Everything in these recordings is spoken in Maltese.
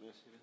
Grazie.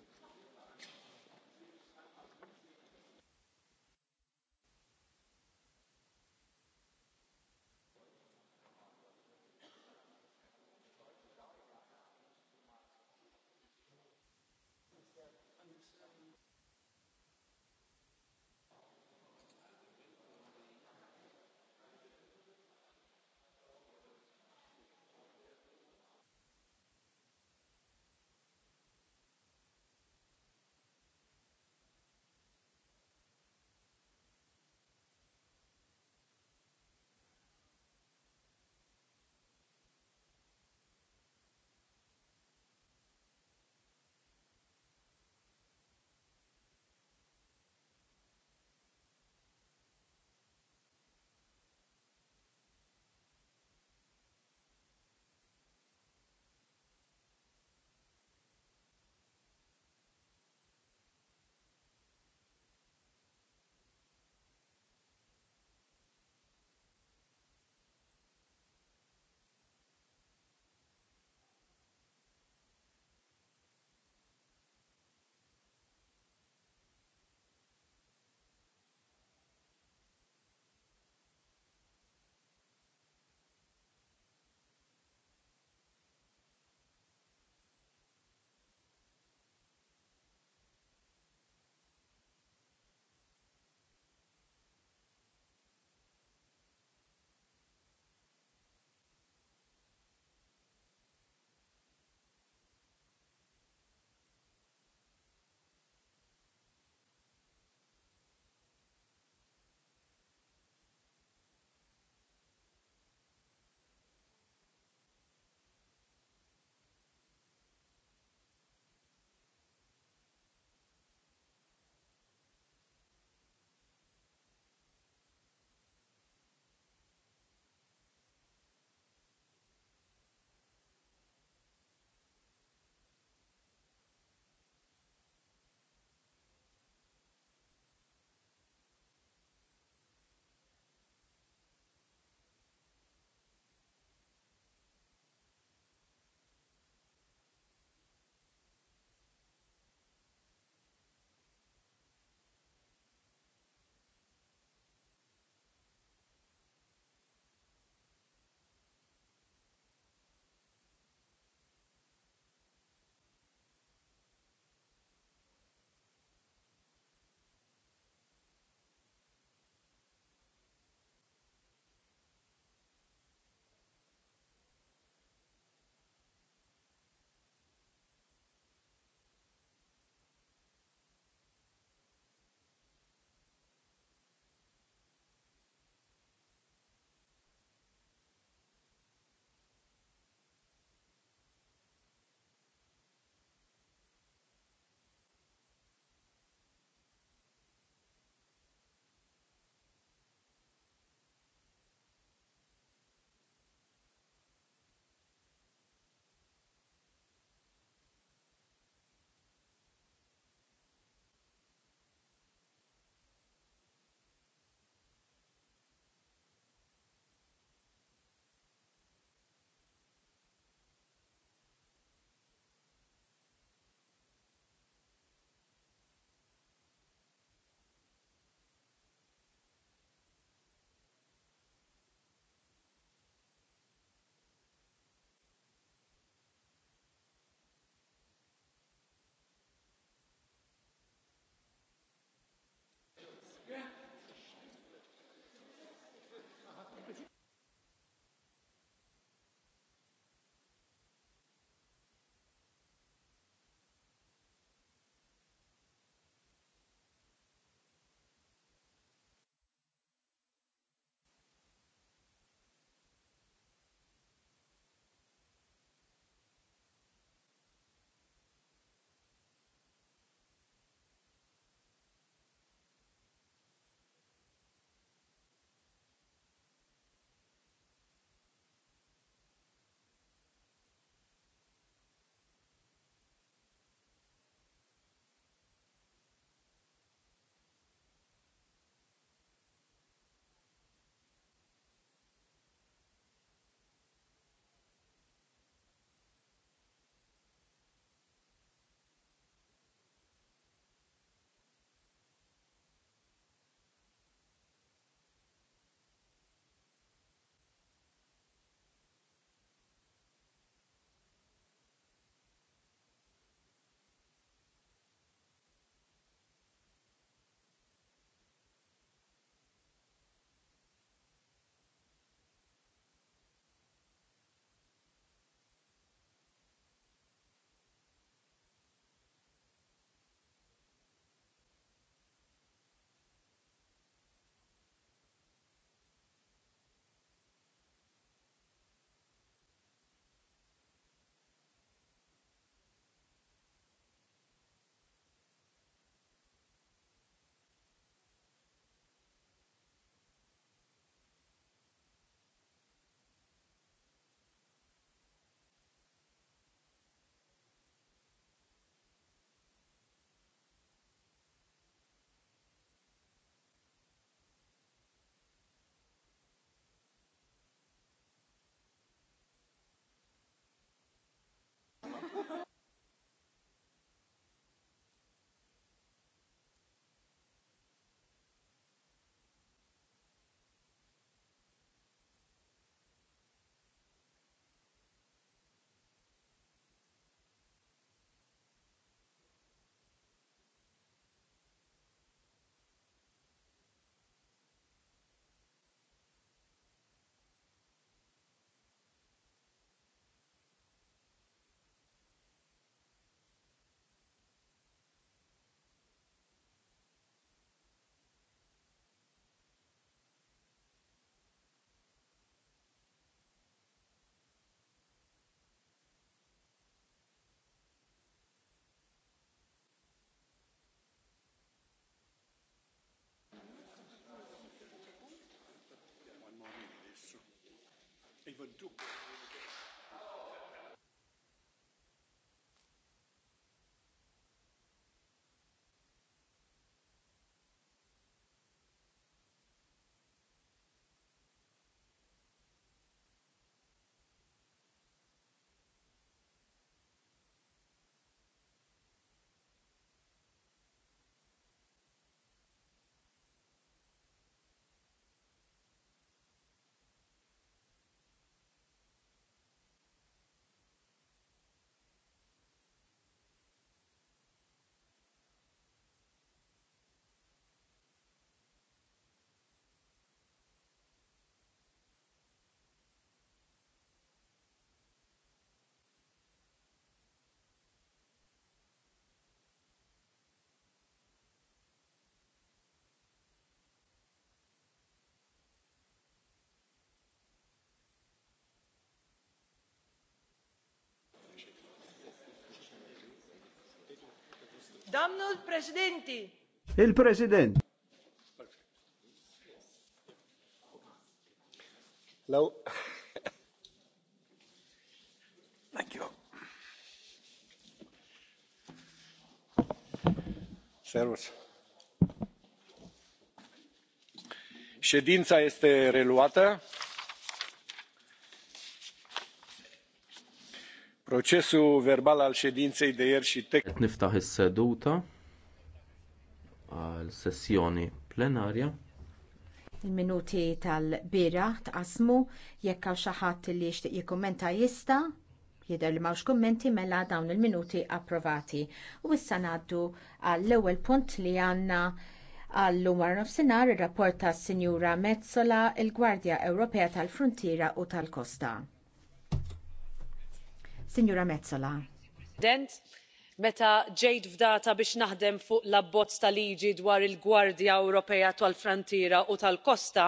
even do. Damnu l Presidenti. Il-President. Law. Thank you. Servus. Ședința este reluată. Proċessu verbal għal xedinzej dejer xi tek. Niftaħ is-seduta għal sessjoni plenarja. Il-minuti tal-bira tqasmu jekk hawn xi ħadd li jixtieq jikkummenta jista' jidher li mawx kummenti mela dawn il-minuti approvati. U issa ngħaddu għall-ewwel punt li għandna għallum għar nofsinhar ir-rapport tas-Sinjura Mezzola il-Gwardja Ewropea tal-Frontiera u tal-Kosta. Signora Mezzola. Dent, meta ġejt fdata biex naħdem fuq l-abbozz ta' liġi dwar il-gwardja ewropea tal frontiera u tal-kosta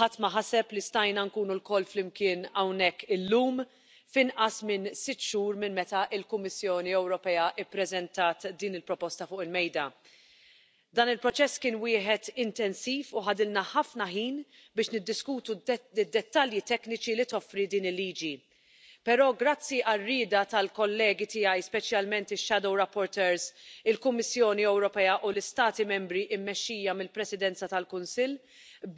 ħadd ma ħaseb li stajna nkunu lkoll flimkien hawnhekk illum f'inqas minn sitt xhur minn meta l-kummissjoni ewropea ppreżentat din il-proposta fuq il-mejda. dan il-proċess kien wieħed intensiv u ħadilna ħafna ħin biex niddiskutu d-dettalji tekniċi li toffri din il-liġi però grazzi għar rieda tal kollegi tiegħi speċjalment ix-shadow rapporteurs il kummissjoni ewropea u l istati membri mmexxija mill presidenza tal kunsill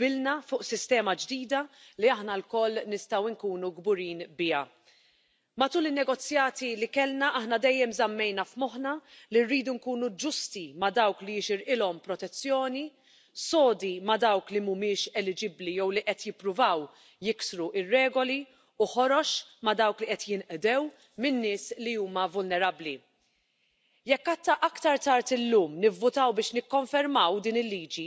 bilna fuq sistema ġdida li aħna lkoll nistgħu nkunu kburin biha. matul in-negozjati li kellna aħna dejjem żammejna f'moħħna li rridu nkunu ġusti ma' dawk li jixirqilhom protezzjoni sodi ma' dawk li mhumiex eliġibbli jew li qed jippruvaw jiksru r regoli u ħorox ma' dawk li qed jinqdew minn nies li huma vulnerabbli. jekk aktar tard illum nivvutaw biex nikkonfermaw din il-liġi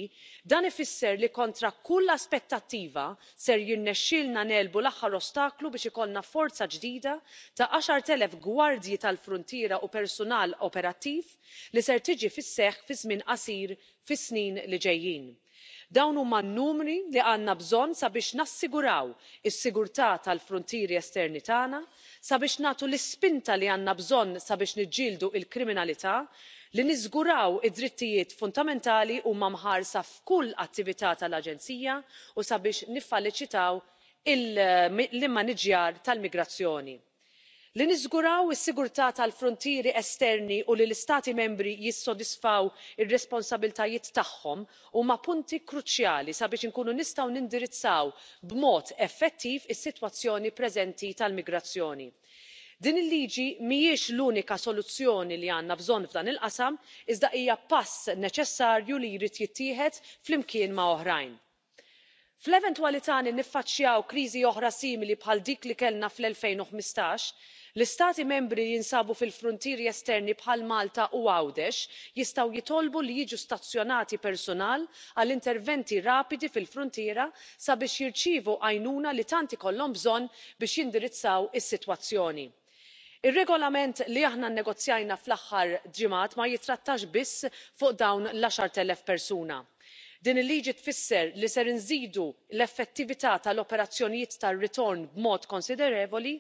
dan ifisser li kontra kull aspettattiva ser jirnexxielna nelbu l-aħħar ostaklu biex ikollna forza ġdida ta' għaxar telef gwardji tal-fruntiera u personal operattiv li ser tiġi fis seħħ fi żmien qasir fis-snin li ġejjin dawn huma n-numri li għandna bżonn sabiex nassiguraw is-sigurtà tal-fruntieri esterni tagħna sabiex nagħtu l-ispinta li għandna bżonn sabiex niġġieldu l-kriminalità li niżguraw id-drittijiet fundamentali huma mħarsa f'kull attività tal-aġenzija u sabiex niffaċilitaw l-immaniġġjar tal-migrazzjoni li niżguraw is-sigurtà tal-fruntieri esterni u li l-istati membri jissodisfaw ir-responsabbiltajiet tagħhom huma punti kruċjali sabiex inkunu nistgħu nindirizzaw b'mod effettiv is-sitwazzjoni preżenti tal-migrazzjoni. din il-liġi mhijiex l-unika soluzzjoni li għandna bżonn f'dan il qasam iżda hija pass neċessarju li jrid jittieħed flimkien ma' oħrajn fl-eventwalità li niffaċċjaw kriżi oħra simili bħal dik li kellna fl-2015 l-istati membri li jinsabu fil-fruntieri esterni bħal malta u għawdex jistgħu jitolbu li jiġu stazzjonati personal għal interventi rapidi fil-fruntiera sabiex jirċievu għajnuna li tant ikollhom bżonn biex jindirizzaw is-sitwazzjoni. ir-regolament li aħna nnegozjajna fl-aħħar ġimgħat ma jitrattax biss fuq dawn l għaxar elef persuna din il-liġi tfisser li ser inżidu l-effettività tal-operazzjonijiet tar-ritorn b'mod konsidervoli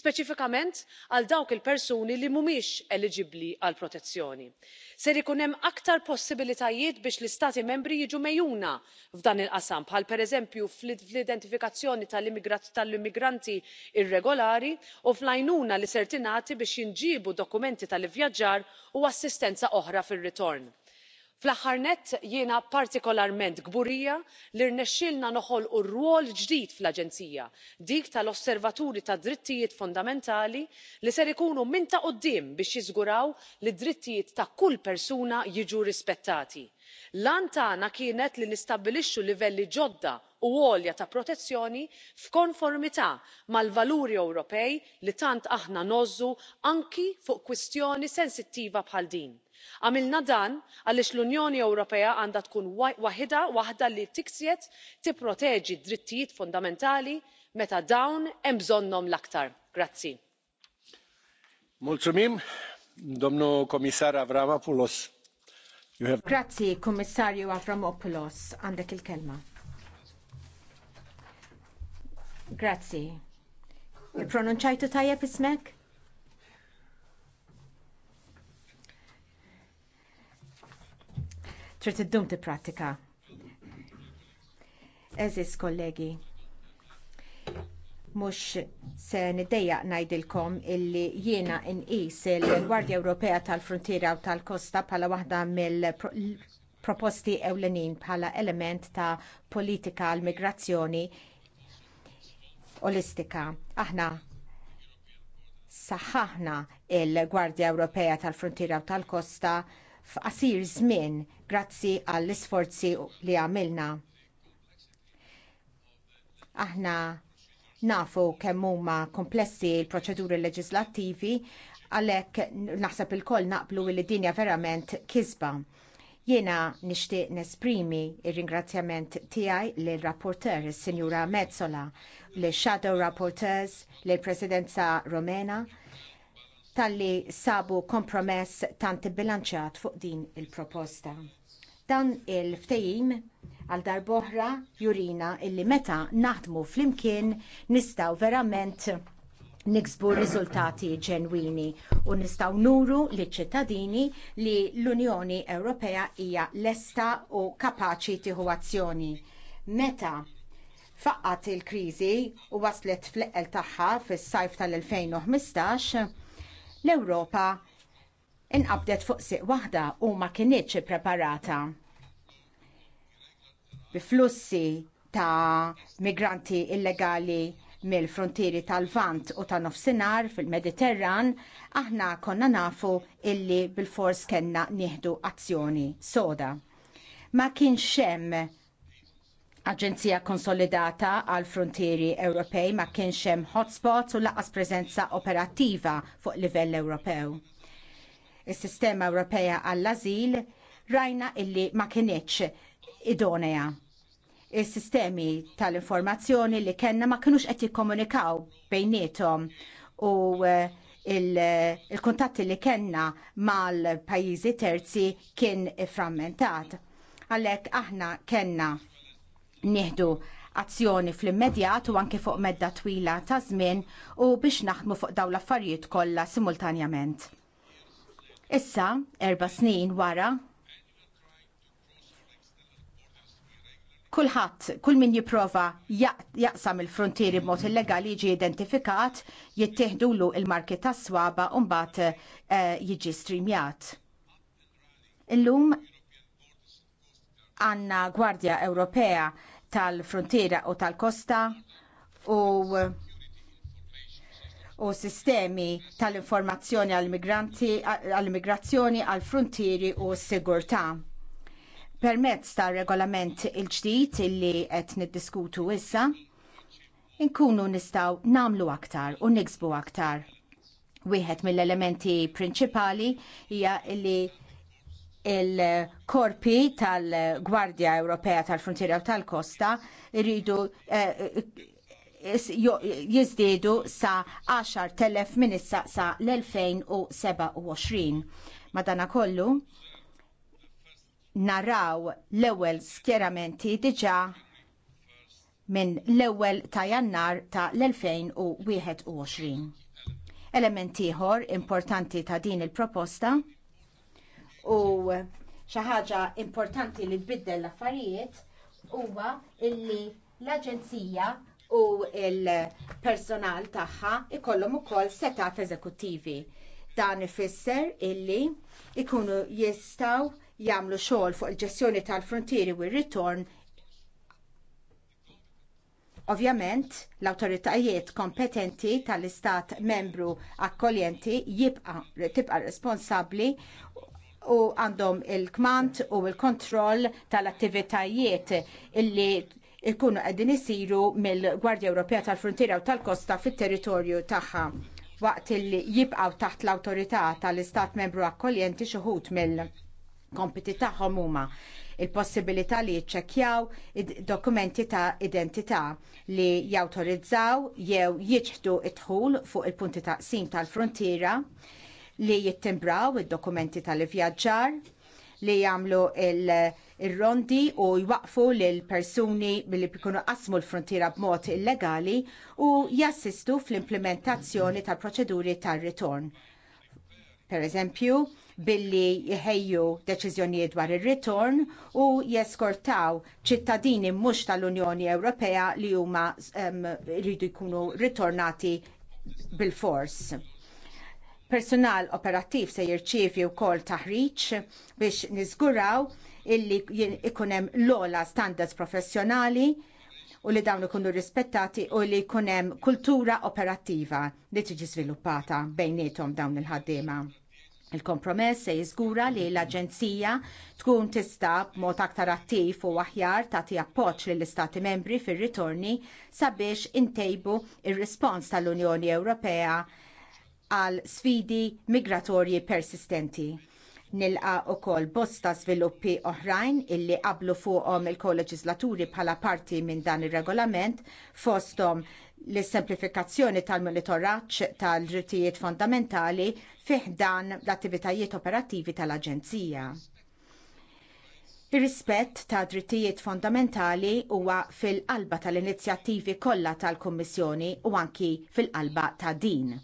speċifikament għal dawk il-persuni li mhumiex eligibbli għal protezzjoni. ser ikun hemm aktar possibbiltajiet biex l-istati membri jiġu mejjuna f'dan il-qasam bħal pereżempju fl-identifikazzjoni tal-immigranti irregolari u fl-għajnuna li ser tingħati biex jinġiebu dokumenti tal ivvjaġġar u assistenza oħra fir ritorn fl-aħħar nett jiena partikolarment kburija li rnexxielna noħolqu rwol ġdid fl-aġenzija dik tal-osservaturi tad-drittijiet fundamentali li ser ikunu minn ta' quddiem biex jiżguraw li d-drittijiet ta' kull persuna jiġu rispettati. lan tagħna kienet li nistabbilixxu livelli ġodda u għolja ta' protezzjoni f'konformità mal-valuri ewropej li tant aħna nogħżu anki fuq kwistjoni sensittiva bħal din għamilna dan għaliex l-unjoni ewropea għandha tkun waħedha waħda li tikseb tipproteġi d-drittijiet fundamentali meta dawn hemm bżonnhom l-aktar. grazzi avramopoulos għandek il-kelma. Grazzi. Ippronunċajtu tajjeb ismek? trid iddum tippratika Eżis kollegi, mhux se niddejjaq ngħidilkom illi jiena inqis il-Gwardja Ewropea tal-Frontiera u tal-Kosta bħala waħda mill-proposti ewlenin bħala element ta' politika għall migrazzjoni olistika. Aħna saħħaħna l gwardja Ewropea tal-Frontiera u tal-Kosta f'qasir żmien grazzi għall-isforzi li għamilna. Aħna nafu kemm huma komplessi l-proċeduri leġislattivi għalhekk naħseb ilkoll naqblu li dinja verament kisba. Jiena nixtieq nesprimi r-ringrazzjament tiegħi lill rapporteur is-Sinjura Mezzola, lill shadow rapporteurs, lill Presidenza Romena, talli sabu kompromess tant bilanċat fuq din il-proposta. Dan il-ftejim għal darboħra jurina illi meta naħdmu flimkien nistaw verament niksbu riżultati ġenwini u nistgħu nuru liċ ċittadini li l-Unjoni Ewropea hija lesta u kapaċi tieħu azzjoni. Meta faqqat il-kriżi u waslet fl-eqel tagħha fis-sajf tal-2015, l-Ewropa inqabdet fuq siq waħda u ma kienieċ preparata. Bi flussi ta' migranti illegali mill-frontieri tal-Vant u ta' nofsinhar fil-Mediterran, aħna konna nafu illi bil-fors kellna nieħdu azzjoni soda. Ma kienx hemm Aġenzija konsolidata għal frontieri Ewropej ma kienx hemm hotspots u laqas preżenza operattiva fuq livell Ewropew. Is-sistema Ewropea għall-azil rajna illi ma kienx idonea. Is-sistemi tal-informazzjoni li kellna ma kinux qed jikkomunikaw bejniethom u eh, eh, il-kuntatti il li kellna mal-pajjiżi terzi kien frammentat. Għalhekk aħna kellna nieħdu azzjoni fl-immedjat u anke fuq medda twila ta' żmien u biex naħdmu fuq dawn l-affarijiet kollha simultanjament. Issa, erba' snin wara, kulħadd, kull min jipprova jaqsam il-frontieri b'mod illegali jiġi identifikat, jittieħdulu l marki tas swaba u mbagħad eh, jiġi streamjat. Illum għandna Gwardja Ewropea tal-frontiera u tal-kosta u u sistemi tal-informazzjoni għall-immigrazzjoni għall-frontieri u s-sigurtà. Permezz tar regolament il-ġdid illi qed niddiskutu issa, inkunu nistaw namlu aktar u niksbu aktar. Wieħed mill-elementi prinċipali hija li il-korpi tal-Gwardja Ewropea tal-Frontiera u tal-Kosta jridu eh, jizdedu sa 10.000 min issa sa l-2027. Madana kollu, naraw l-ewwel skjeramenti diġà minn l-ewwel ta' jannar ta' l-2021. Elementi ieħor importanti ta' din il-proposta u xi ħaġa importanti li tbiddel l-affarijiet huwa illi l-Aġenzija u l personal tagħha ikollhom ukoll setat eżekuttivi. Dan ifisser illi ikunu jistgħu jagħmlu xogħol fuq il-ġestjoni tal-frontieri u r-ritorn Ovvjament, l-awtoritajiet kompetenti tal-istat membru akkoljenti jibqa' tibqa' responsabbli u għandhom il-kmant u l kontroll tal-attivitajiet illi ikunu qegħdin isiru mill-Gwardja Ewropea tal-Frontiera u tal-Kosta fit-territorju tagħha waqt illi jibqgħu taħt l-awtorità tal-Istat membru akkoljenti xi wħud mill-kompiti tagħhom huma il-possibilità li jiċċekkjaw dokumenti ta' identità li jawtorizzaw jew jiġħdu id dħul fuq il-punti taqsim tal-frontiera li jittimbraw id-dokumenti tal-vjaġġar li jagħmlu il-rondi u jwaqfu lil persuni billi bikunu qasmu l-frontiera b'mod illegali u jassistu fl-implementazzjoni tal-proċeduri tal-ritorn. Per eżempju, billi jħejju deċiżjonijiet dwar ir-ritorn u jeskortaw ċittadini mhux tal-Unjoni Ewropea li huma jridu jkunu ritornati bil-fors Personal operattiv se jirċievi wkoll taħriġ biex nizguraw illi ikun hemm l-ola standards professjonali u li dawn ikunu rispettati u li jkun hemm kultura operattiva li tiġi sviluppata bejniethom dawn il-ħaddiema. Il-kompromess se jiżgura li l-Aġenzija tkun tista b'mod aktar attiv u aħjar tagħti appoġġ lill istati membri fir-ritorni sabiex intejbu ir-rispons tal-Unjoni Ewropea għal sfidi migratorji persistenti. Nilqa wkoll bosta sviluppi oħrajn illi qablu fuqhom il-koleġislaturi bħala parti minn dan ir regolament fosthom l-semplifikazzjoni tal-monitoraġġ tal-drittijiet fondamentali fih dan l-attivitajiet operattivi tal-Aġenzija. Ir-rispett ta' drittijiet fondamentali huwa fil-qalba tal-inizjattivi kollha tal-Kummissjoni u anki fil-qalba ta' din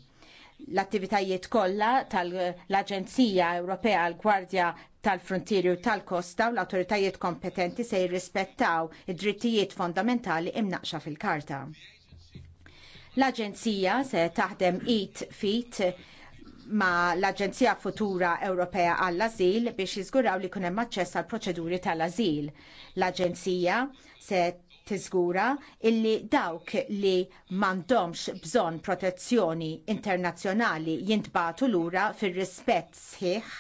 l-attivitajiet kollha tal-Aġenzija Ewropea għall gwardja tal-Frontieri u tal-Kosta u l-autoritajiet kompetenti se jirrispettaw id-drittijiet fondamentali imnaqxa fil-karta. L-Aġenzija se taħdem it fit ma l-Aġenzija Futura Ewropea għall-Azil biex jiżguraw li jkun hemm aċċess għall proċeduri tal-Azil. L-Aġenzija se tiżgura illi dawk li m'għandhomx bżonn protezzjoni internazzjonali jintbagħtu lura fir-rispett sħiħ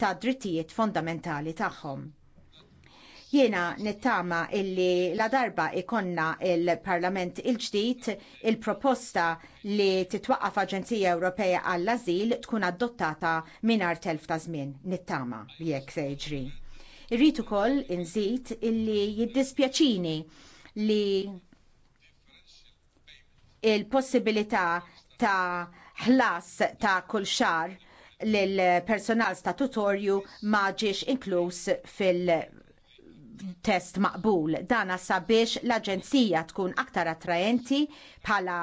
ta' drittijiet fondamentali tagħhom. Jiena nittama illi la darba ikonna il-Parlament il-ġdid il-proposta li titwaqqaf Aġenzija Ewropea għall-Azil tkun adottata mingħajr telf ta' żmien. Nittama jekk se jiġri. Irrid ukoll inżid illi jiddispjaċini li il-possibilità ta' ħlas ta' kull xar lill personal statutorju ma ġiex inkluż fil- test maqbul. Dana sabiex l-aġenzija tkun aktar attrajenti bħala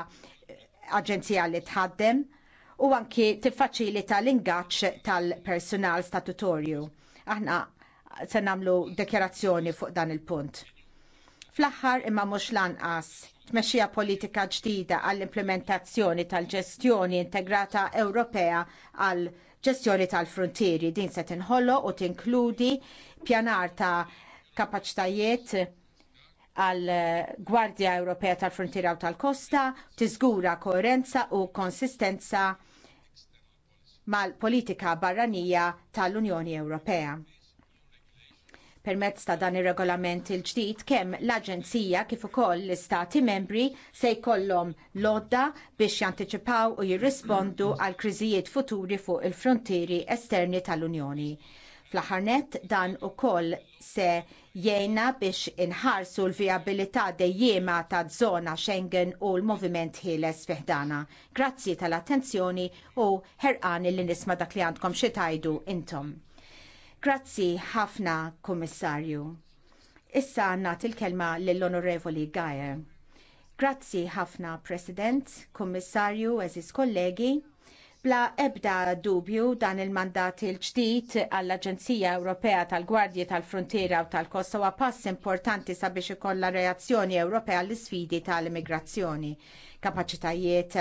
aġenzija li tħaddem u anki tiffaċilita l-ingaċ tal-personal statutorju. Aħna se nagħmlu dekjarazzjoni fuq dan il-punt. Fl-aħħar imma mhux lanqas tmexxija politika ġdida għall-implementazzjoni tal-ġestjoni integrata Ewropea għall ġestjoni tal-frontieri din se tinħollo u tinkludi pjanar ta' kapaċitajiet għal Gwardja Ewropea tal-Frontiera u tal-Kosta, tiżgura koerenza u konsistenza mal-politika barranija tal-Unjoni Ewropea. Permezz ta' dan ir-regolament il ġdid kemm l-Aġenzija kif ukoll l-Istati membri se jkollhom lodda biex jantiċipaw u jirrispondu għal kriżijiet futuri fuq il-frontieri esterni tal-Unjoni. Fl-aħħar nett dan ukoll se jgħinna biex inħarsu l-vijabilità dejjema ta' żona Schengen u l-moviment ħieles fiħdana. Grazzi tal-attenzjoni u ħerqani li nisma dak li għandkom xi tajdu intom. Grazzi ħafna, Kummissarju. Issa nagħti il kelma lill-Onorevoli Gajer. Grazzi ħafna, President, Kummissarju, eżis kollegi. Bla ebda dubju dan il-mandat il-ġdid għall-Aġenzija Ewropea tal-Gwardji tal-Frontiera u tal-Kosta huwa pass importanti sabiex ikollha reazzjoni Ewropea l isfidi tal-immigrazzjoni. Kapaċitajiet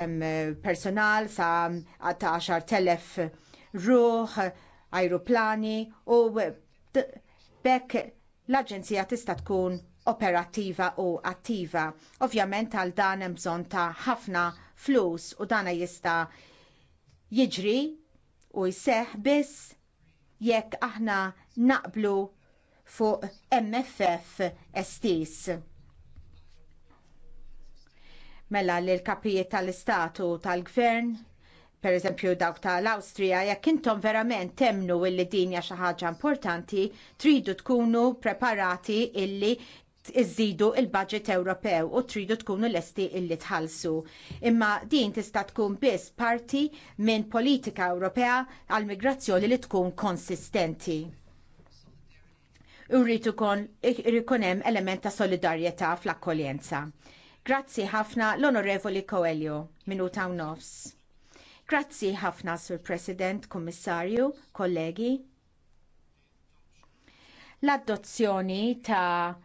um, personal sa' 10,000 ruħ, ajruplani u bekk l-Aġenzija tista' tkun operattiva u attiva. Ovvjament għal dan hemm bżonn ta' ħafna flus u dana jista' jiġri u jseħħ biss jekk aħna naqblu fuq MFF estis. Mela l-kapijiet tal-istatu tal-gvern per eżempju dawk tal-Awstrija, jekk intom verament temnu illi dinja xi ħaġa importanti, tridu tkunu preparati illi iżidu il-budget Ewropew u tridu tkunu lesti illi tħallsu. Imma din tista' tkun biss parti minn politika Ewropea għall migrazzjoni li tkun konsistenti. Urritu kon hemm element ta' solidarjetà fl-akkoljenza. Grazzi ħafna l-Onorevoli Coelho, minuta u nofs. Grazzi ħafna, Sur President, Kommissarju, kollegi. L-adozzjoni ta'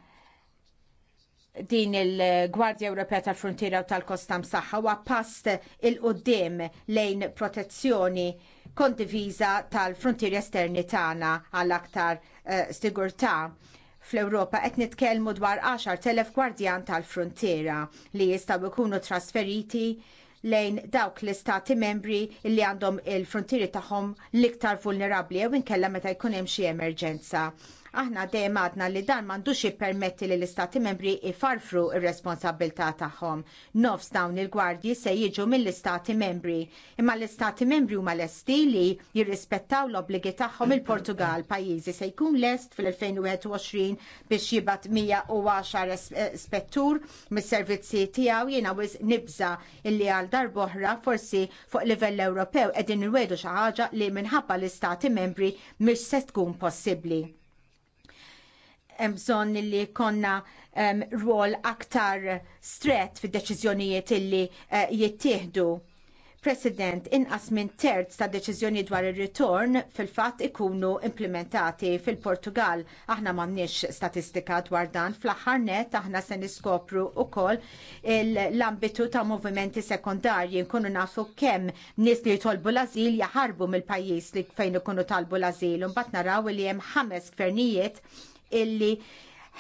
din il-Gwardja Ewropea tal-Frontiera u tal-Kosta Msaħħa huwa past il-qoddim lejn protezzjoni kondiviża tal-frontieri esterni tagħna għal aktar uh, sigurtà fl-Ewropa qed nitkellmu dwar 10,000 gwardjan tal-frontiera li jistgħu jkunu trasferiti lejn dawk l-istati membri li għandhom il-frontieri tagħhom l-iktar vulnerabbli jew inkella meta jkun hemm xi emerġenza. Aħna dejjem għadna li dan m'għandux jippermetti li l-istati membri ifarfru r-responsabilità tagħhom. Nofs dawn il-gwardji se jiġu mill-istati membri, imma l-istati membri huma lesti li jirrispettaw l-obbligi tagħhom il-Portugal pajjiżi se jkun lest fil-2021 biex jibat 110 spettur mis-servizzi tiegħu jiena wis nibża illi għal darboħra forsi fuq livell Ewropew qegħdin irwedu xi ħaġa li minħabba l-istati membri mhix se tkun possibbli hemm bżonn li konna um, rwol aktar stret fid-deċiżjonijiet illi uh, jittieħdu. President, inqas minn terz ta' deċizjoni dwar ir-ritorn fil-fatt ikunu implementati fil-Portugal. Aħna m'għandniex statistika dwar dan fl-aħħar net aħna se niskopru wkoll l-ambitu ta' movimenti sekondarji nkunu nafu kemm nies li jtolbu l-ażil jaħarbu mill-pajjiż li fejn ikunu talbu l-ażil u mbagħad naraw li hemm ħames gvernijiet illi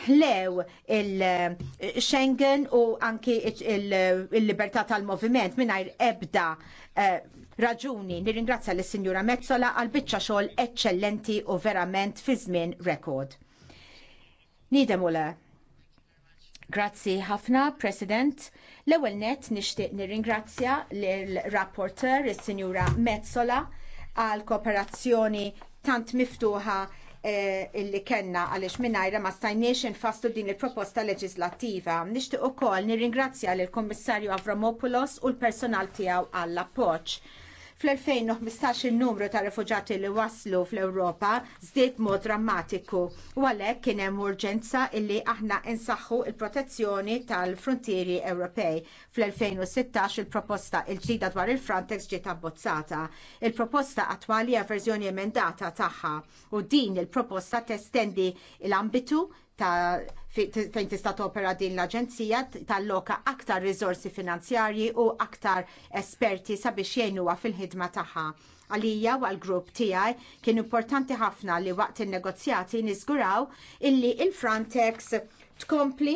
ħlew il-Schengen u anki il-libertà tal-moviment mingħajr ebda eh, raġuni. Nirringrazzja l sinjura Mezzola għal biċċa xogħol eċċellenti u verament fi żmien rekord. Nidemula. Grazzi ħafna, President. L-ewwel net nixtieq nirringrazzja lill-rapporteur is-Sinjura Mezzola għal kooperazzjoni tant miftuħa Eh, illi kena għaliex minnajra ma stajniex infasslu din il-proposta leġislattiva. Nixtieq ukoll nirringrazzja lill kummissarju Avramopoulos u l-personal tiegħu għall-appoġġ. Fl-2015 il-numru ta' rifugjati li waslu fl-Ewropa żdied mod drammatiku u għalhekk kien hemm urġenza illi aħna insaħħu l protezzjoni tal-frontieri Ewropej. Fl-2016 il-proposta il-ġdida dwar il-Frontex ġiet abbozzata. Il-proposta attwali hija verżjoni emendata tagħha u din il-proposta testendi l-ambitu il proposta testendi l ambitu ta' fejn tista' topera din l-Aġenzija tal-loka aktar rizorsi finanzjarji u aktar esperti sabiex jgħinuha fil-ħidma tagħha. Għalija u għal-grupp tiegħi kien importanti ħafna li waqt in-negozjati niżguraw illi il-Frontex tkompli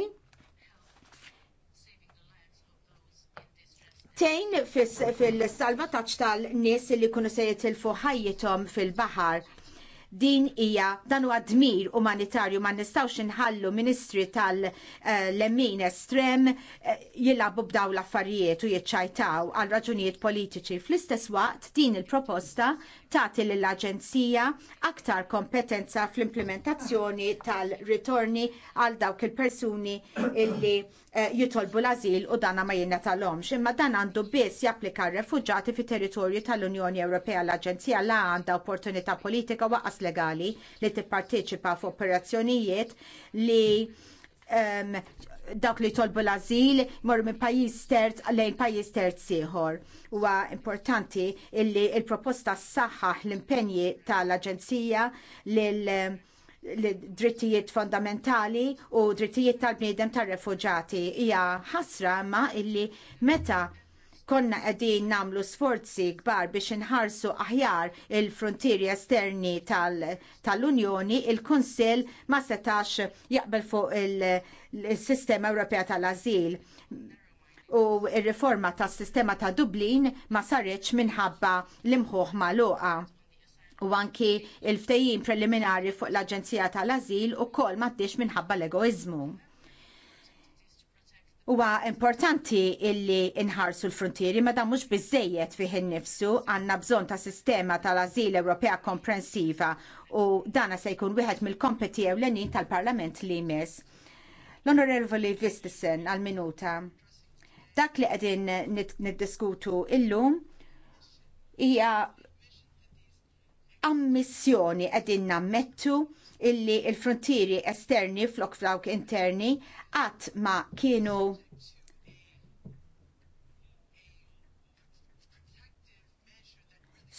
tejn fil-salvataċ tal-nies li kunu se jitilfu fil-baħar din hija dan huwa dmir umanitarju ma nistgħux inħallu ministri tal-lemmin estrem eh, jilagħbu b'daw l-affarijiet u jiċċajtaw għal raġunijiet politiċi. Fl-istess waqt din il-proposta tagħti lill-Aġenzija aktar kompetenza fl-implementazzjoni tal-ritorni għal dawk il-persuni illi eh, jitolbu l-azil u dana ma jinna tal-omx. Imma dan għandu biss japplika r-refugġati fi territorju tal-Unjoni Ewropea l-Aġenzija la għandha opportunità politika waqas legali li tipparteċipa f'operazzjonijiet li um, dawk li tolbu l-azil morru minn pajjiż terz lejn pajjiż terz ieħor. Huwa importanti illi il-proposta saħħaħ l-impenji tal-Aġenzija l drittijiet fondamentali u drittijiet tal-bniedem tar refugġati hija ħasra ma illi meta konna qegħdin nagħmlu sforzi kbar biex inħarsu aħjar il-frontieri esterni tal-Unjoni, tal il-Kunsill ma setax jaqbel fuq il-Sistema Ewropea tal-Azil u r-riforma tas sistema ta' Dublin ma saritx minħabba l-imħuħ magħluqa. U anki il-ftejjin preliminari fuq l-Aġenzija tal-Azil ukoll kol minħabba l-egoizmu. Huwa importanti illi inħarsu l-frontieri ma dan mhux biżejjed fih innifsu għandna bżonn ta' sistema tal-Ażil Ewropea komprensiva u dana se jkun wieħed mill-kompeti ewlenin tal-Parlament li jmiss. L-Onorevoli Vistisen għal-minuta. Dak li qegħdin niddiskutu illum hija ammissjoni qegħdin nammettu illi l il frontieri esterni flok flok interni qatt ma kienu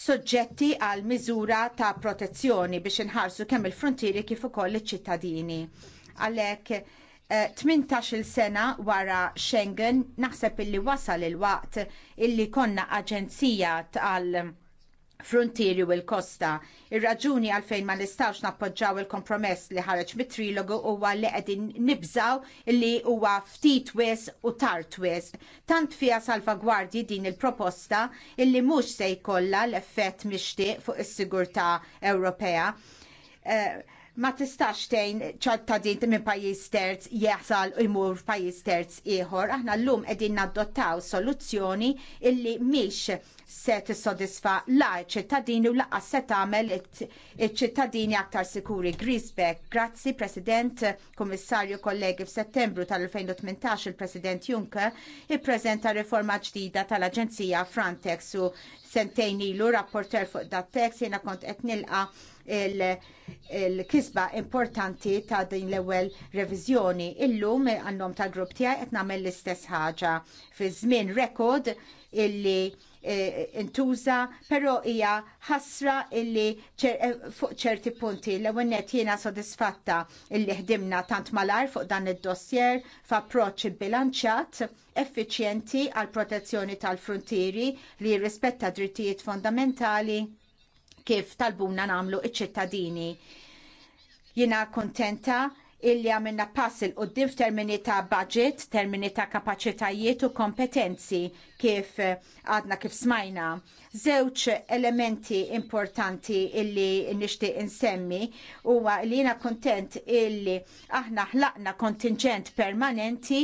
soġġetti għal miżura ta' protezzjoni biex inħarsu kemm il-frontieri kif ukoll iċ-ċittadini. Għalhekk 18-il eh, sena wara Schengen naħseb illi wasal il-waqt illi konna aġenzija tal frontieri u l-kosta. Ir-raġuni għalfejn ma nistawx nappoġġaw il-kompromess li ħareġ mit-trilogu huwa li qegħdin nibżaw li huwa ftit wis u tard wis. Tant fiha salvagwardji din il-proposta illi mhux se jkollha l-effett mixtieq fuq is-sigurtà Ewropea. Uh, ma tistax tgħin dint minn pajjiż terz jasal u jmur f'pajjiż terz ieħor. Aħna llum qegħdin naddottaw soluzzjoni illi mhix se tissodisfa la ċittadini u laqqa se tagħmel iċ-ċittadini aktar sikuri. Grisbeck, grazzi President, Kummissarju kollegi f'Settembru tal-2018 il-President Juncker ippreżenta riforma ġdida tal-Aġenzija Frontex u sentejn ilu rapporter fuq dat-tekst jiena kont qed nilqa' il-kisba importanti ta' din l-ewwel reviżjoni. Illum għannom tal-grupp tiegħi qed nagħmel l-istess ħaġa fi żmien rekord illi e, intuża, però hija ħasra illi e, fuq ċerti punti l ewwel jiena sodisfatta illi ħdimna tant malar fuq dan id-dossier f'approċċ bilanċjat effiċjenti għall protezzjoni tal-frontieri li jirrispetta drittijiet fondamentali kif talbuna namlu iċ-ċittadini. Jina kontenta illi għamilna pass il qoddim f'termini ta' budget, termini ta' kapacitajiet u kompetenzi kif għadna kif smajna. Żewġ elementi importanti illi nixtieq insemmi huwa li jiena kuntent illi aħna ħlaqna kontingent permanenti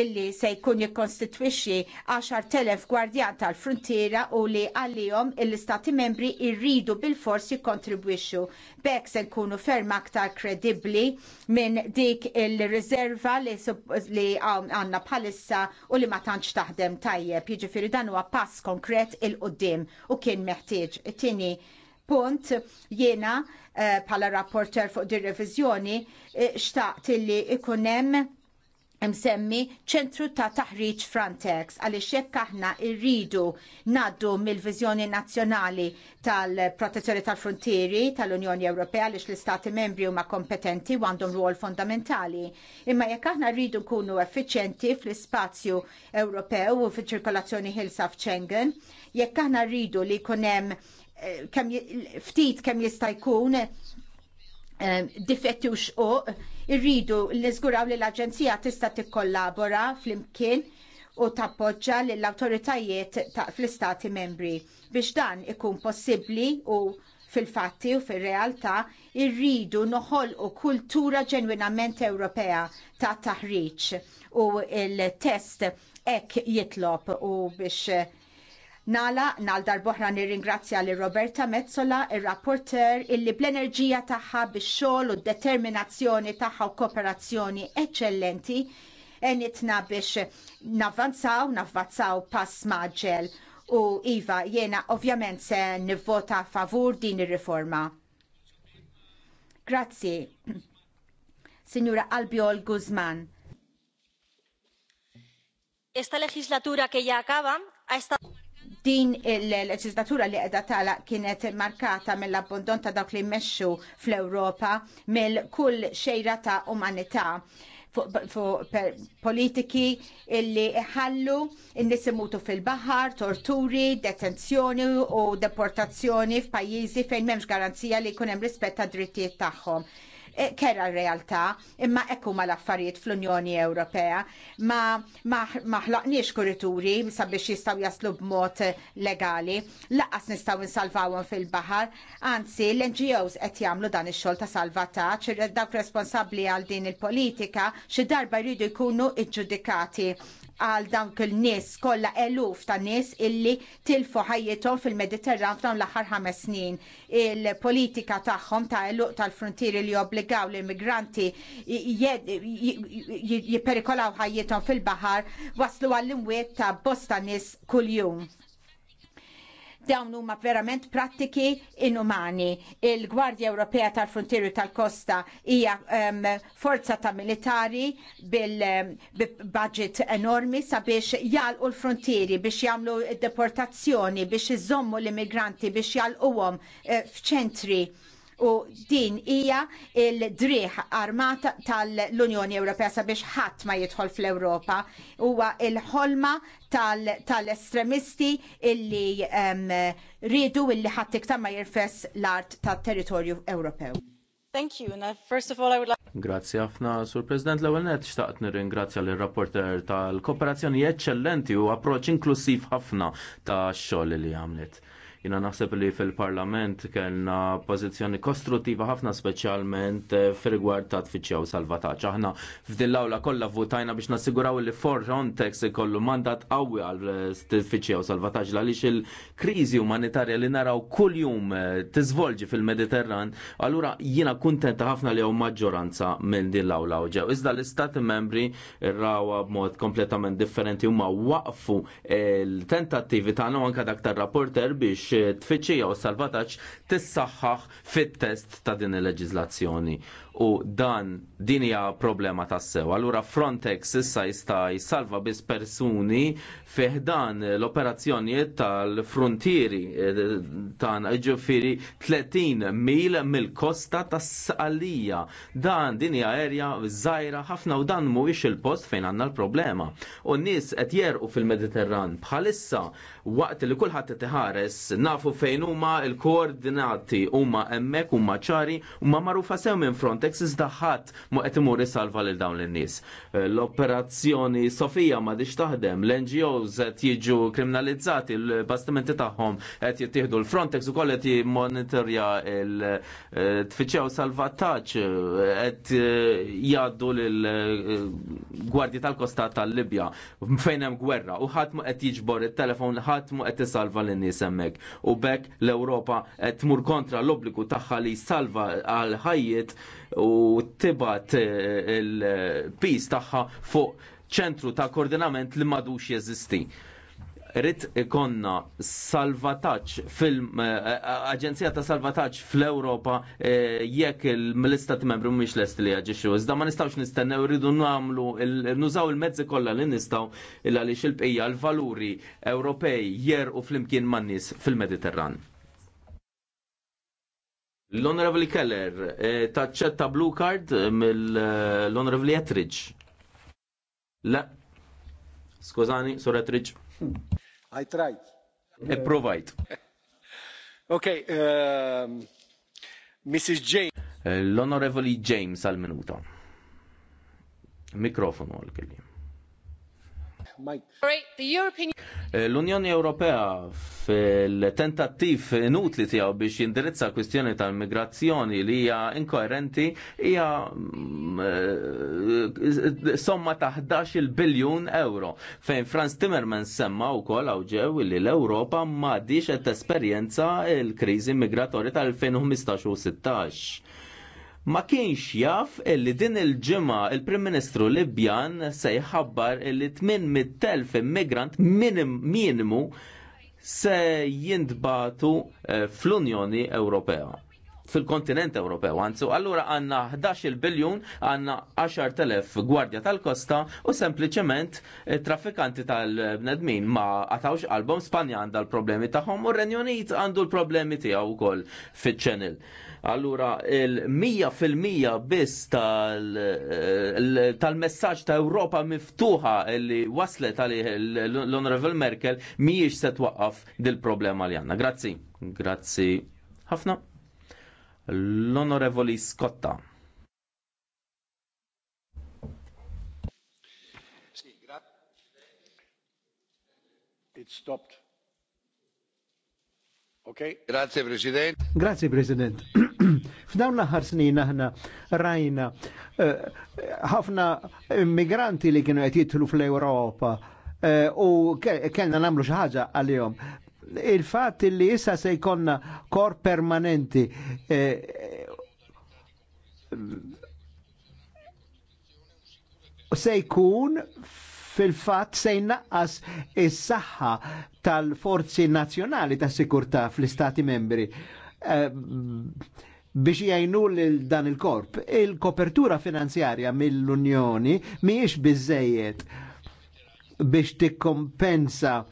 illi se jkun jikkostitwixxi 10,000 gwardjan tal-frontiera u li għalihom l-istati membri jridu bil-fors jikkontribwixxu. B'hekk se nkunu ferm aktar kredibbli minn dik il-riserva li għandna bħalissa u li ma tantx taħdem tajjeb. Jiġifieri dan huwa pass konkret il-qudiem u kien meħtieġ. Tieni punt jiena eh, bħala rapporter fuq dir-reviżjoni eh, xtaqt illi ikun hemm msemmi ċentru ta' taħriġ Frontex għaliex jekk aħna rridu naddu mill-viżjoni nazzjonali tal-protezzjoni tal-frontieri tal-Unjoni Ewropea għaliex l-Istati membri huma kompetenti u għandhom rwol fondamentali. Imma jekk aħna rridu nkunu effiċenti fl-ispazju Ewropew u fiċ-ċirkolazzjoni ħilsa f'Schengen, jekk aħna rridu li jkun hemm eh, ftit kemm jista' jkun Ehm, difettux u irridu l-izguraw li l-Aġenzija tista' tikkollabora flimkien u tappoġġa lill awtoritajiet fl-istati membri. Biex dan ikun possibbli u fil-fatti u fil-realtà irridu noħolqu kultura ġenwinament Ewropea ta' taħriġ u il-test ek jitlob u biex Nala, nal nir nirringrazzja li Roberta Mezzola, il-rapporter, illi bl-enerġija taħħa bix xogħol u determinazzjoni taħħa u kooperazzjoni eccellenti, enitna biex navvanzaw, navvazzaw pass maġġel. U Iva, jena ovvjament se nivvota favur din ir-riforma. Grazzi. Signora Albiol Guzman. Esta legislatura che ya acaba ha estado din il-leġislatura li qiegħda tala kienet markata mill-abbondon ta' dawk li jmexxu fl-Ewropa mill-kull xejra ta' umanità politiki illi ħallu n nies imutu fil baħar torturi, detenzjoni u deportazzjoni f'pajjiżi fejn m'hemmx garanzija li jkun hemm rispett tad drittijiet tagħhom. Eh, kera r-realtà imma ekku ma l-affarijiet fl-Unjoni Ewropea ma maħlaqniex kurituri sabiex jistaw jaslu b'mod legali laqas nistaw insalvawhom fil-baħar anzi l-NGOs qed jagħmlu dan ix-xogħol ta' salvataġġ dawk responsabbli għal din il-politika xi darba jridu jkunu iġġudikati għal dawk il-nies kollha eluf ta' nies illi tilfu ħajjithom fil-Mediterran f'dawn l-aħħar ħames snin. Il-politika tagħhom ta' eluq tal-frontieri li obbligaw l-immigranti jipperikolaw ħajjithom fil-baħar waslu għall-imwiet ta' bosta nies kuljum. Dawn huma verament prattiki inumani. Il-Gwardja Ewropea tal-Frontieri tal-Kosta hija um, forza ta' militari bil-budget ehm, enormi sabiex jalqu l-frontieri biex jagħmlu deportazzjoni biex iżommu l-immigranti biex jalquhom uh, f'ċentri u din hija il-driħ armata tal-Unjoni Ewropea sabiex ħadd ma jidħol fl-Ewropa huwa il-ħolma tal-estremisti illi rridu illi ħadd iktar ma jirfess l-art tat-territorju Ewropew. Thank you. And first of all, I would like... Grazzi ħafna, Sur President l-ewwel net xtaqt nirringrazzja l rapporter tal-kooperazzjoni eċċellenti u approċċ inklusiv ħafna ta' xogħol li għamlet. Jina naħseb li fil-parlament kellna pożizzjoni kostruttiva ħafna speċjalment eh, fil gwart ta' tfittxew salvataġġ. Aħna f'dillawla kollha votajna biex nassiguraw li Frontex ikollu mandat qawwi għal eh, tfittxew salvataġġ għaliex il-kriżi umanitarja li naraw kuljum eh, tiżvolġi fil-Mediterran, allura jiena kuntenta ħafna li hawn maġġoranza minn din l-awla ġew. Iżda l-istati membri rawa b'mod kompletament differenti huma waqfu l-tentattivi tagħna anke dak tar-rapporter biex tfittxija u salvataġġ tissaħħaħ fit-test ta' din il leġizlazzjoni U dan din hija problema tassew. Allura Frontex issa jista' jsalva biss persuni fih dan l-operazzjonijiet tal-frontieri eh, tan ġifieri 30 mil mill-kosta tas saqalija Dan din hija erja żgħira ħafna u dan mhuwiex il-post fejn għandna l-problema. U n nies qed jerqu fil-Mediterran bħalissa waqt li kulħadd iħares nafu fejn huma l-koordinati huma hemmhekk huma ċari huma magħrufa sew minn Frontex iżda ħadd ma qed imur isalva lil dawn in-nies. Eh, l-operazzjoni Sofija ma dix taħdem, l-NGOs qed jiġu kriminalizzati, l-bastimenti tagħhom qed jittieħdu l-Frontex ukoll qed jimmonitorja l-tfittxew eh, salvataġġ eh, qed jgħaddu lil gwardji tal-kosta tal-Libja fejn hemm gwerra u ħadd ma qed jiġbor it-telefon ħadd ma qed isalva lin nies hemmhekk u bekk l-Ewropa tmur kontra l-obbligu tagħha li salva għal ħajjiet u tibat eh, il-pis tagħha fuq ċentru ta' koordinament li madux jeżisti rrit ikonna salvataċ film, eh, eh, aġenzija ta' salvataċ fl-Europa eh, jekk il mill-istati membru mux lest li għagġiċu. Iżda ma nistawx nistennew rridu namlu, nużaw il-mezzi kolla li nistaw il-għalix il-bqija l-valuri Ewropej jer u fl-imkien mannis fil-Mediterran. L-Honorable Keller, taċċetta blue card mill-Honorable Etridge. La, skużani, Sor Etridge. I tried. Provajt. Okay, um, Mrs. James. L'onorevoli James al minuta Mikrofonu għal-kellim. Eh, L-Unjoni Ewropea fil-tentattiv inutli tiegħu biex jindirizza kwistjoni tal-migrazzjoni li hija inkoerenti hija mm, eh, somma ta' 11 biljun euro fejn Franz Timmermans semma wkoll hawn ġew li l-Ewropa m'għadix qed tesperjenza l-kriżi migratorja tal-2015 u 16 ma kienx jaf illi din il-ġimgħa il-Prim Ministru Libjan se jħabbar illi 800,000 immigrant minim, minimu se jindbatu eh, fl-Unjoni Ewropea fil-kontinent Ewropew. Għanzu, allura għanna 11 biljun, għanna 10.000 gwardja tal-kosta u sempliciment eh, traffikanti tal-bnedmin ma għatawx qalbhom Spanja għandha l-problemi tagħhom u r-Renju Unit għandu l-problemi tiegħu wkoll fit ċenil Allura il-100% biss eh, tal-messaġġ ta' Ewropa miftuħa li waslet għal l-Honorable Merkel mhijiex se twaqqaf dil-problema li għandna. Grazzi. Grazzi ħafna. L-Onorevoli Scotta. It stopped. Okay. Grazie President. Grazie President. F'dawn l-aħħar snin aħna rajna eh, ħafna immigranti li kienu qed jidħlu fl-Ewropa eh, u kellna nagħmlu xi ħaġa għalihom il fatt li issa se jkollna kor permanenti eh, se jkun fil-fat se jnaqqas is-saħħa tal-forzi nazzjonali ta' sikurtà fl-istati membri biex jajnu lil dan il-korp. Il-kopertura finanzjarja mill-Unjoni miex bizzejiet biex tikkompensa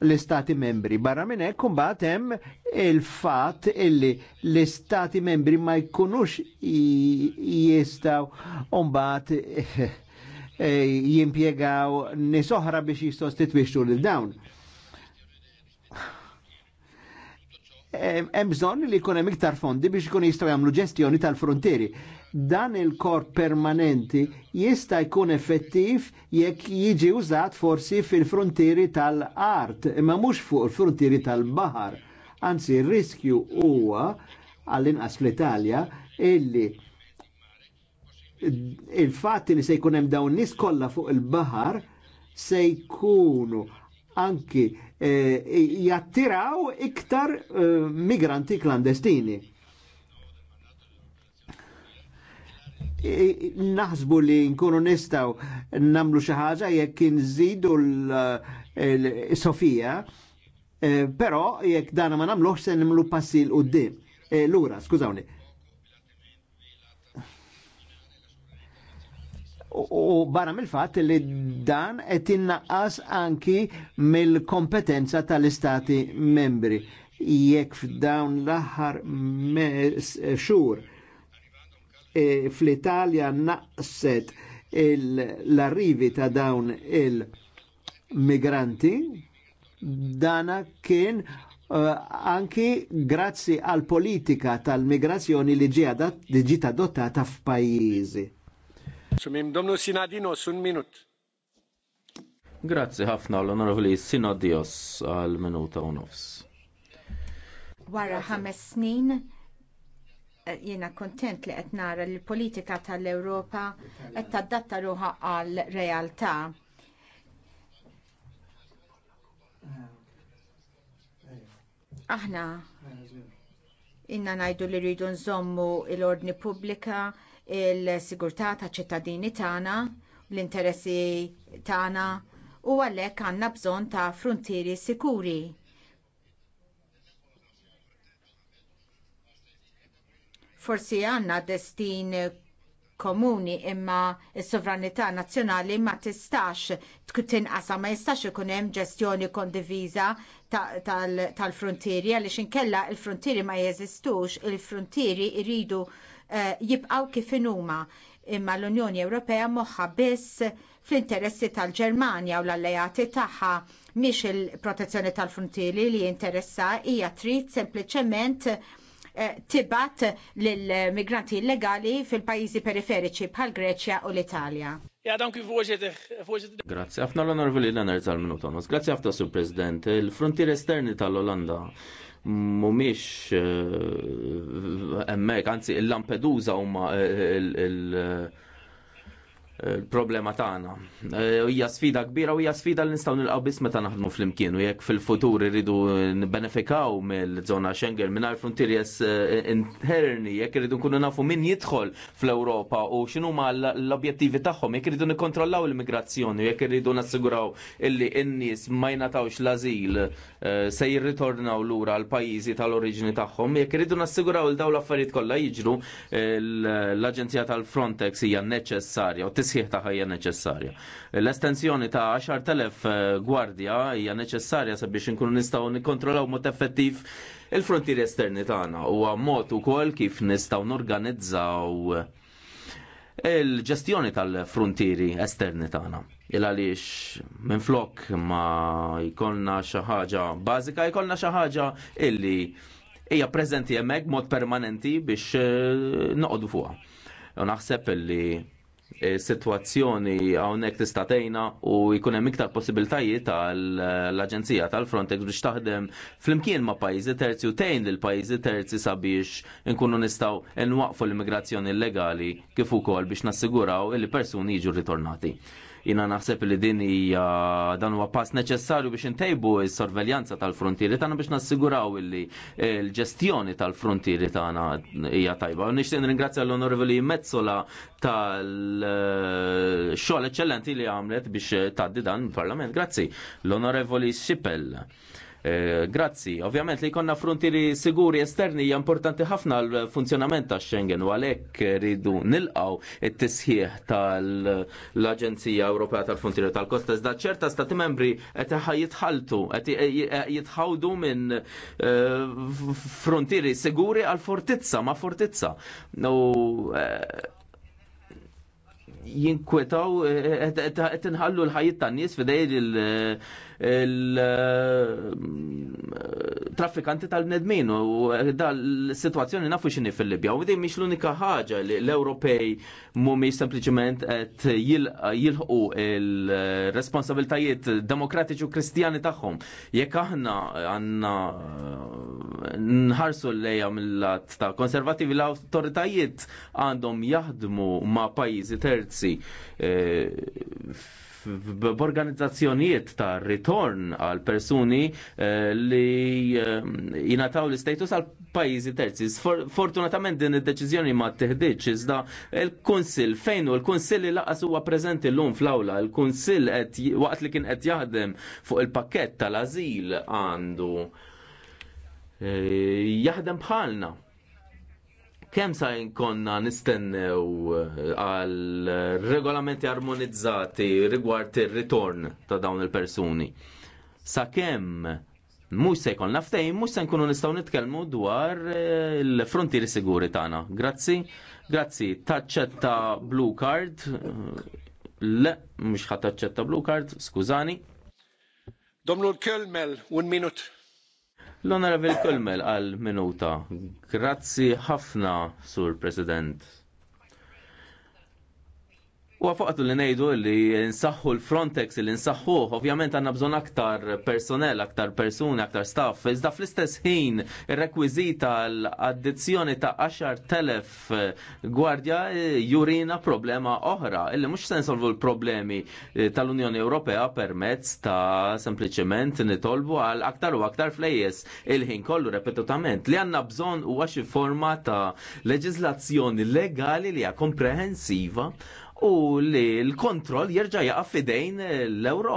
l-istati membri. Barra minn hekk kumbat hemm il-fatt illi l-istati membri ma jkunux jistgħu umbat eh, eh, jimpiegaw nisohra biex jistostitwixxu l dawn hemm bżonn li jkun hemm iktar fondi biex ikun jistgħu jagħmlu ġestjoni tal-frontieri. Dan il-korp permanenti jista' jkun effettiv jekk jiġi użat forsi fil-frontieri tal-art, imma mhux fuq il-frontieri tal-baħar. Anzi, ir-riskju huwa għall-inqas fl-Italja illi il-fatt li se jkun hemm dawn nies kollha fuq il-baħar se jkunu anki Eh, jattiraw iktar eh, migranti klandestini. naħsbu li nkunu nistaw namlu xi ħaġa jekk nżidu l-Sofija, eh, però jekk dan ma nagħmluhx se nimlu passi l qudiem. Lura, skużawni, u barra mill-fatt li dan qed innaqqas anki mill-kompetenza tal-istati membri. Jekk f'dawn l-aħħar xhur e, fl-Italja naqset l-arrivi ta' dawn il-migranti, dana kien Uh, anki grazzi għal politika tal-migrazzjoni li ġiet adottata f'pajjiżi. Sumim domnu minut. Grazzi ħafna l-onorevoli Sinadios għal minuta u nofs. Wara ħames snin eh, jiena kontent li qed nara li l-politika tal-Ewropa qed tadatta ruħa għal realtà. Aħna inna ngħidu li rridu nżommu l-ordni pubblika il-sigurtà taċ ċittadini tagħna, l-interessi tagħna u għalhekk għandna bżonn ta' fruntieri sikuri. Forsi għandna destin komuni imma s-sovranità nazzjonali ma tistax tinqasam ma jistax ikun hemm ġestjoni kondiviża tal-frontieri għaliex inkella l frontieri ma jeżistux, il-frontieri jridu Eh, jibqaw kif inhuma imma l-Unjoni Ewropea moħħa biss fl-interessi tal-Ġermanja u l-alleati tagħha miex il-protezzjoni tal-frontieri li jinteressa hija trid sempliċement eh, tibat lill-migranti illegali fil-pajjiżi periferiċi bħal Greċja u l-Italja. Ja, Grazie. għafna l onorvili l enerġal minuta Grazie għafna, Sur President. Il-frontier esterni tal-Olanda mumiex eh, emmek, anzi il-Lampedusa umma eh, il-, il il-problema tagħna. E, hija sfida kbira u hija sfida li nistgħu nilqgħu biss meta naħdmu flimkien u jekk fil-futur irridu nbenefikaw mill-żona Schengen mingħajr frontiers e, interni, jekk irridu nkunu nafu min jidħol fl-Ewropa u x'inhu l-objettivi tagħhom, jekk irridu nikkontrollaw l-immigrazzjoni, u jekk irridu nassiguraw illi n-nies ma jingħatawx l-ażil e, se jirritornaw lura l pajjiżi tal-oriġini tagħhom, jekk irridu nassiguraw il dawn l-affarijiet kollha jiġru l-Aġenzija tal-Frontex hija neċessarja sieħ ta' ħajja neċessarja. L-estensjoni ta' 10.000 eh, gwardja hija neċessarja sabiex inkunu nistgħu nikkontrollaw mod effettiv il-frontieri esterni tagħna u mod ukoll kif nistgħu norganizzaw il-ġestjoni tal-frontieri esterni tagħna. Il għaliex minn flok ma jkollna xi ħaġa bażika jkollna xi ħaġa illi hija preżenti hemmhekk mod permanenti biex eh, noqogħdu fuqha. U naħseb illi Eh, situazzjoni hawnhekk tista' tgħinna u jkun hemm iktar possibiltajiet tal-Aġenzija tal-Frontex biex taħdem flimkien ma' pajjiżi terzi u tgħin lil pajjiżi terzi sabiex nkunu nistgħu nwaqfu l-immigrazzjoni illegali kif ukoll biex nassiguraw li persuni jiġu ritornati. Jina naħseb li din hija dan huwa pass neċessarju biex intejbu s-sorveljanza tal-frontieri tagħna biex nassiguraw illi l-ġestjoni tal-frontieri tagħna hija tajba. Nixtieq ringrazzja l-Onorevoli Mezzola tal-xogħol eċċellenti li għamlet biex tgħaddi dan il-Parlament. Grazzi. L-Onorevoli Sipel. Eh, grazzi, ovvjament li jkollna frontieri siguri esterni hija importanti ħafna għal funzjonament ta' Schengen u għalhekk ridu nilqgħu it-tisħieħ tal-Aġenzija Ewropea tal-Frontieri tal-Kosta iżda ċerta stati membri qed jitħaltu qed jitħawdu minn eh, frontieri siguri għal fortizza ma' fortizza. Eh, jinkwetaw qed tinħallu l-ħajjit tan-nies f'idej il-traffikanti tal-bnedmin u dal-situazzjoni nafu xini fil-Libja u din miex l-unika ħaġa li l-Ewropej mumi sempliciment għet jilħu il-responsabiltajiet demokratiċi u kristjani taħħom. Jek aħna għanna nħarsu l-leja mill-lat ta' konservativi l-autoritajiet għandhom jaħdmu ma' pajizi terzi eh, b'organizzazzjonijiet ta' ritorn għal persuni eh, li eh, jinataw l-istatus għal pajjiżi terzi. Fortunatament din id-deċiżjoni ma teħdiċ iżda il-Kunsill fejn il l li laqas huwa preżenti llum fl-awla, il-Kunsill waqt li kien qed jaħdem fuq il-pakkett tal-ażil għandu eh, jaħdem bħalna Kemm sa jinkonna nistennew eh, għal regolamenti armonizzati rigward ir-ritorn ta' dawn il-persuni? Sa kem mhux se jkollna ftehim, mhux se jkunu nistgħu nitkellmu dwar eh, il-frontieri siguri tagħna. Grazzi, grazzi, taċċetta blue card. Le, mhux ħadd taċċetta blue card, skużani. Domnul Kölmel, un minut. L-Honorable Kulmel għal minuta. Grazzi ħafna, Sur President. U għafaqtu li nejdu li nsaħħu l-Frontex li nsaħħu ovvjament għanna bżon aktar personel, aktar persuni, aktar staff. Iżda fl-istess ħin, il-rekwizita l-addizzjoni ta' 10.000 gwardja eh, jurina problema oħra, illi mux solvu l-problemi eh, tal-Unjoni Ewropea permezz ta' sempliciment nitolbu għal aktar u aktar flejjes il-ħin kollu repetutament. Li għanna bżon u għaxi forma ta' leġizlazzjoni legali li għakomprehensiva u li l-kontroll jerġa' jaqa' fidejn l-Ewropa